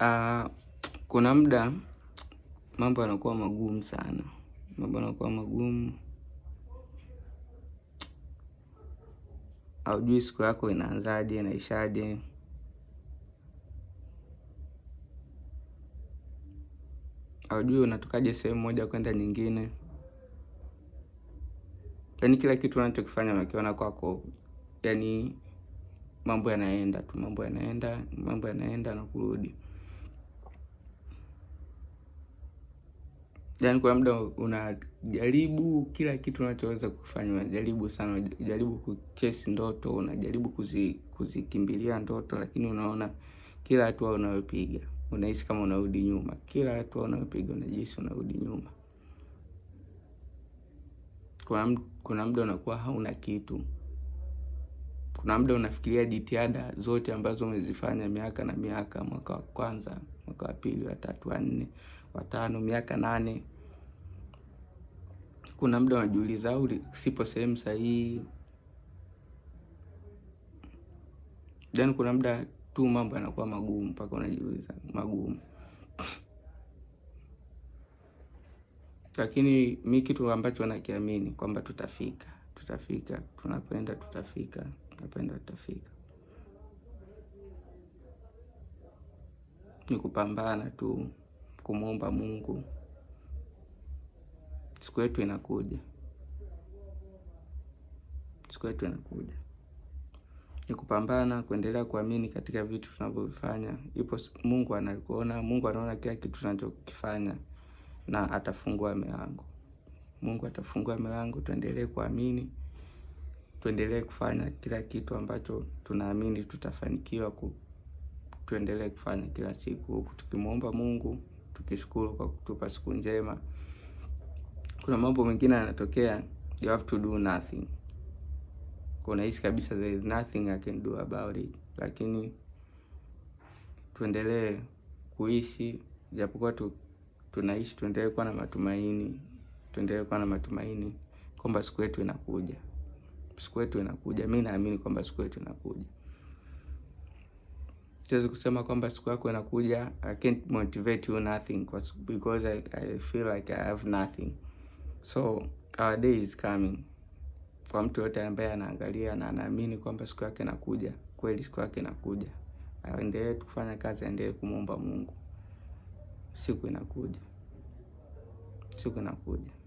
Uh, kuna muda mambo yanakuwa magumu sana, mambo yanakuwa magumu, haujui siku yako inaanzaje inaishaje. Haujui unatokaje sehemu moja kwenda nyingine, yaani kila kitu unachokifanya unakiona kwako, yaani mambo yanaenda tu, mambo yanaenda, mambo yanaenda na kurudi. yani kwa muda unajaribu kila kitu unachoweza kufanya, unajaribu sana, unajaribu kuchase ndoto, unajaribu kuzi, kuzikimbilia ndoto, lakini unaona kila hatua unayopiga unahisi kama unarudi nyuma, kila hatua unayopiga unajihisi unarudi nyuma. Kuna, kuna muda unakuwa hauna kitu. Kuna muda unafikiria jitihada zote ambazo umezifanya miaka na miaka, mwaka wa kwanza mwaka wa pili, wa tatu, wa nne, wa tano, miaka nane. Kuna muda unajiuliza, au sipo sehemu sahihi? then kuna muda tu mambo yanakuwa magumu mpaka unajiuliza magumu. Lakini mi kitu ambacho nakiamini kwamba tutafika, tutafika, tunapenda tutafika, tunapenda tutafika. ni kupambana tu, kumwomba Mungu, siku yetu inakuja, siku yetu inakuja. Ni kupambana, kuendelea kuamini katika vitu tunavyovifanya. Ipo Mungu anakuona, Mungu anaona kila kitu tunachokifanya, na atafungua milango. Mungu atafungua milango, tuendelee kuamini tuendelee kufanya kila kitu ambacho tunaamini tutafanikiwa ku tuendelee kufanya kila siku, huku tukimwomba Mungu, tukishukuru kwa kutupa siku njema. Kuna mambo mengine yanatokea, you have to do nothing. Kunahisi kabisa there is nothing I can do about it, lakini tuendelee kuishi, japokuwa tu, tunaishi, tuendelee kuwa na matumaini, tuendelee kuwa na matumaini kwamba siku yetu inakuja, siku yetu inakuja. Mi naamini kwamba siku yetu inakuja siwezi kusema kwamba siku yako inakuja. I can't motivate you nothing because I, I feel like I have nothing, so our day is coming. Kwa mtu yote ambaye anaangalia na anaamini kwamba siku yake inakuja, kweli siku yake inakuja. Aendelee kufanya kazi, aendelee kumwomba Mungu. Siku inakuja, siku inakuja.